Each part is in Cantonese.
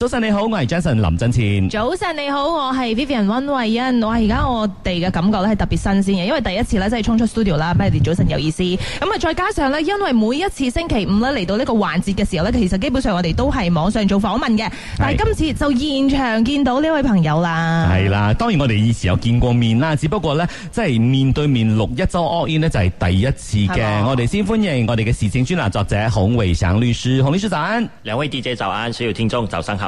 早晨你好，我係 Jason 林振前。早晨你好，我係 Vivian 溫慧欣。哇，而家我哋嘅感覺咧係特別新鮮嘅，因為第一次咧即係衝出 studio 啦，不如早晨有意思。咁啊，再加上呢，因為每一次星期五咧嚟到呢個環節嘅時候呢，其實基本上我哋都係網上做訪問嘅。但係今次就現場見到呢位朋友啦。係啦，當然我哋以前有見過面啦，只不過呢，即係面對面錄一周 all in 就係第一次嘅。我哋先歡迎我哋嘅時政專欄作者孔偉祥律師，孔律師早安。兩位 DJ 早安，所有聽眾早上好。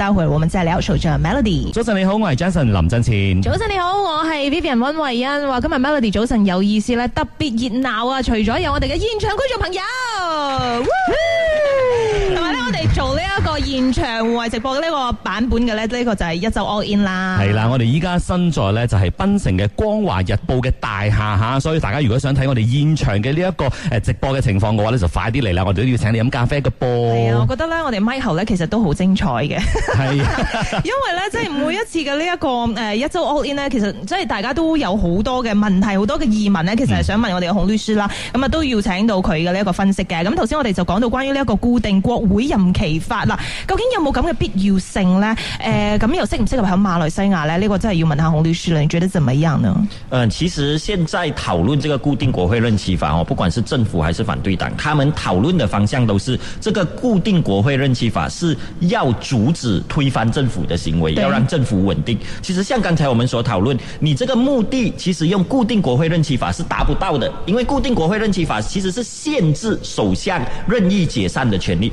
待會我們再聊首 melody。早晨你好，我係 Jason 林振前。早晨你好，我係 Vivian 溫慧欣。話今日 melody 早晨有意思咧，特別熱鬧啊！除咗有我哋嘅現場觀眾朋友。Woo! 同埋呢，我哋做呢一個現場戶外直播嘅呢個版本嘅咧，呢、呢個就係一周 all in 啦。係啦，我哋依家身在咧就係、係、檳城嘅《光華日報》嘅大廈吓，所以大家如果想睇我哋現場嘅呢一個誒直播嘅情況嘅話呢，就快啲嚟啦，我哋都要請你飲咖啡嘅噃。係啊，我覺得呢，我哋 Michael 呢其實都好精彩嘅。係， 因為咧即係每一次嘅呢一個誒一周 all in 呢，其實即係大家都有好多嘅問題，好多嘅疑問呢，其實係想問我哋嘅孔律師啦，咁、嗯、啊都要請到佢嘅呢一個分析嘅。咁頭先我哋就講到關於呢一個固定國。會任期法嗱，究竟有冇咁嘅必要性呢？誒、呃，咁又適唔適合喺馬來西亞呢？呢、呢個真係要問下洪律師啦。你覺得怎麼樣呢、呃？其實現在討論這個固定國會任期法哦，不管是政府還是反對黨，他們討論的方向都是，這個固定國會任期法是要阻止推翻政府的行為，要讓政府穩定。其實像剛才我們所討論，你這個目的其實用固定國會任期法是達不到的，因為固定國會任期法其實是限制首相任意解散的權利。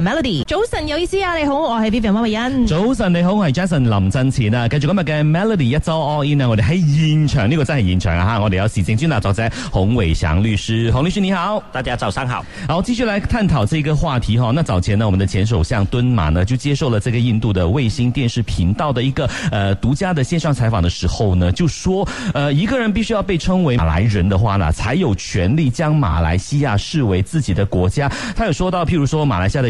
Melody，早晨有意思啊！你好，我係 Vivian 溫恩。早晨你好，我係 Jason 林振前啊！繼續今日嘅 Melody 一周 All In 我們、這個、啊！我哋喺現場呢個真係現場啊！哈，我哋有史正軍啦，早前洪偉祥律師，洪律師，洪律師你好，大家早上好。好，繼續嚟探討這個話題哈。那早前呢，我們的前首相敦馬呢就接受了這個印度的衛星電視頻道的一個，呃，獨家的線上採訪的時候呢，就說，呃，一個人必須要被稱為馬來人的話呢，才有權利將馬來西亞視為自己的國家。他有說到，譬如說馬來西亞的。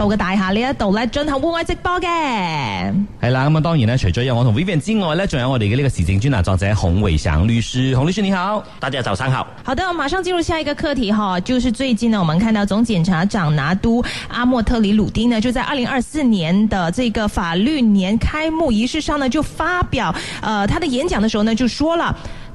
到嘅大廈呢一度咧進行戶外直播嘅。係啦，咁啊當然呢，除咗有我同 Vivian 之外呢，仲有我哋嘅呢個時政專欄作者洪偉祥律師，洪律師你好。大家早上好。好的，我馬上進入下一個課題哈，就是最近呢，我們看到總檢察長拿督阿莫特里魯丁呢，就在二零二四年的這個法律年開幕儀式上呢，就發表，呃，他的演講的時候呢，就說了。